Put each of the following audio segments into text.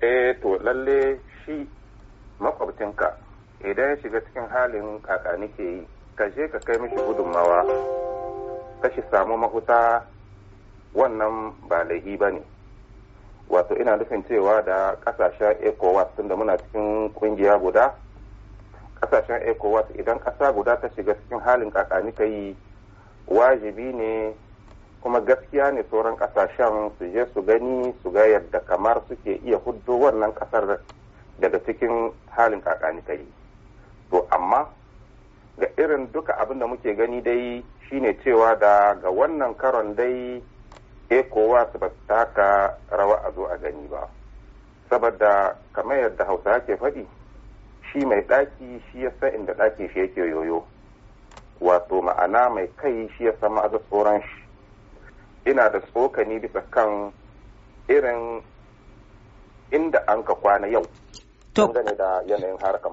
eh to lalle shi makwabcinka idan ya shiga cikin halin kaka nike yi ka je ka kai mishi gudunmawa ka shi samu mahuta wannan ba laihi ba ne wato ina nufin cewa da kasashen ecowas tunda muna cikin kungiya guda kasashen ecowas idan kasa guda ta shiga cikin halin kaka nike yi wajibi ne kuma gaskiya ne sauran kasashen su je su gani su ga yadda kamar suke iya huddo wannan kasar daga cikin halin kakani kari to amma ga irin duka abin da muke gani dai shine cewa da ga wannan karon dai ekowa su ba taka rawa a zo a gani ba saboda kamar yadda hausa ke faɗi shi mai ɗaki shi ya san inda ɗaki shi yake yoyo wato ma'ana mai kai shi ya san ma'azar tsoron shi ina da tsokani bisa kan irin inda an ka kwana yau to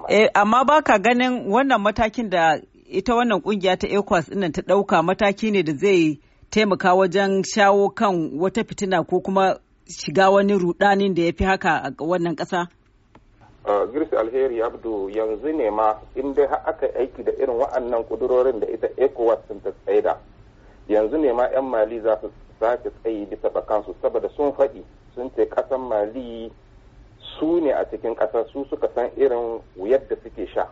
eh, amma ba ka amma baka ganin wannan matakin da ita wannan kungiya ta ECOWAS ɗinnan ta ɗauka mataki ne da zai taimaka wajen shawo kan wata fitina ko kuma shiga wani rudanin da ya fi haka a wannan kasa. Eh, Girsi Alheri Abdu yanzu ne ma inda aka aiki da irin wa'annan kudurorin da ita ECOWAS sun ta tsaida. yanzu ne ma 'yan mali za su sake tsayi bisa bakansu saboda sun faɗi sun ce ƙasan mali su ne a cikin ƙasa su suka san irin wuyar da suke sha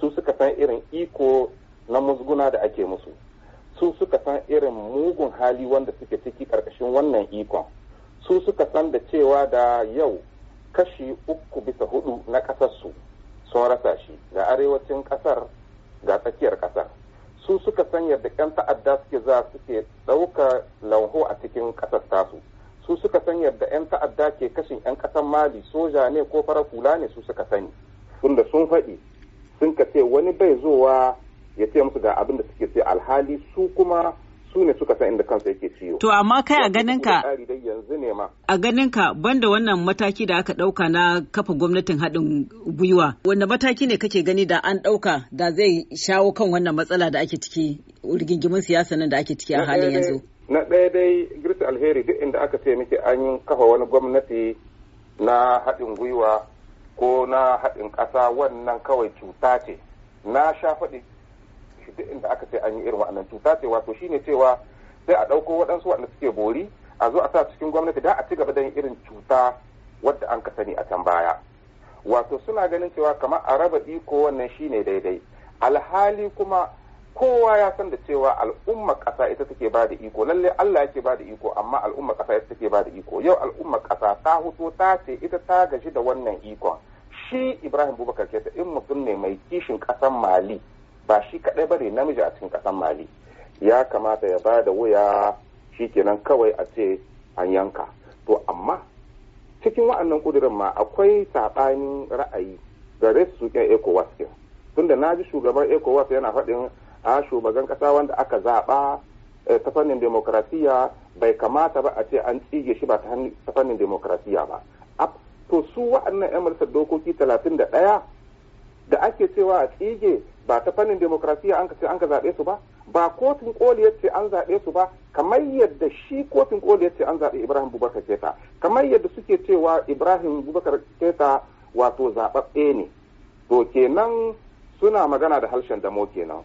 su suka san irin iko na musguna da ake musu su suka san irin mugun hali wanda suke ciki ƙarƙashin wannan ikon su suka san da cewa da yau kashi uku bisa hudu na ƙasarsu sun rasa shi ga arewacin ƙasar ga tsakiyar ƙasar su suka san yadda 'yan ta'adda suke za suke ɗauka lauho a cikin ƙasar tasu su suka san yadda 'yan ta'adda ke kashin 'yan ƙasar mali soja ne ko fara kula ne su suka sani tunda sun faɗi sun ka ce wani bai zowa ya ce musu ga abin da suke ce alhali su kuma su ne suka san inda kansa yake ciwo to amma kai a ganin ka yanzu nema. A ganin ka banda wannan mataki da aka ɗauka na kafa gwamnatin haɗin gwiwa, wanda mataki ne kake gani da an ɗauka da zai shawo kan wannan matsala da ake ciki rigingimin siyasa nan da ake ciki a halin yanzu? Na ɗaya dai Girsi Alheri duk inda aka ce miki an yi kafa wani gwamnati na haɗin gwiwa ko na haɗin ƙasa wannan kawai cuta ce. Na sha faɗi duk inda aka ce an yi irin wannan cuta ce wato shine cewa sai a ɗauko waɗansu waɗanda suke bori a zo a sa cikin gwamnati da a ci gaba da yin irin cuta wadda an ka sani a can baya wato suna ganin cewa kamar a raba iko wannan shine daidai alhali kuma kowa ya san da cewa al'umma ƙasa ita take ba da iko lalle Allah yake ba da iko amma al'umma ƙasa ita take ba da iko yau al'umma ƙasa ta huto ta ce ita ta gaji da wannan ikon shi Ibrahim Bubakar ta in mutum ne mai kishin ƙasan Mali ba shi kaɗai bare namiji a cikin ƙasan Mali ya kamata ya ba da wuya shi kenan kawai a ce an yanka to amma cikin wa'annan ƙudurin ma akwai saɓanin ra'ayi ga su kin ecowas kin tunda na ji shugaban ecowas yana faɗin a shugaban ƙasa wanda aka zaɓa eh, ta fannin demokrasiya bai kamata ba a ce an tsige shi ba ta fannin demokrasiya ba to su wa'annan 'yan majalisar dokoki talatin da ɗaya da ake cewa a tsige ba ta fannin demokrasiya an ka zaɓe su ba ba kotun koli ya ce an zaɓe su ba kamar yadda shi kotun koli ya ce an zaɓe ibrahim bubakar keta kamar yadda suke cewa ibrahim bubakar keta wato zaɓaɓɓe ne to kenan suna magana da harshen damo kenan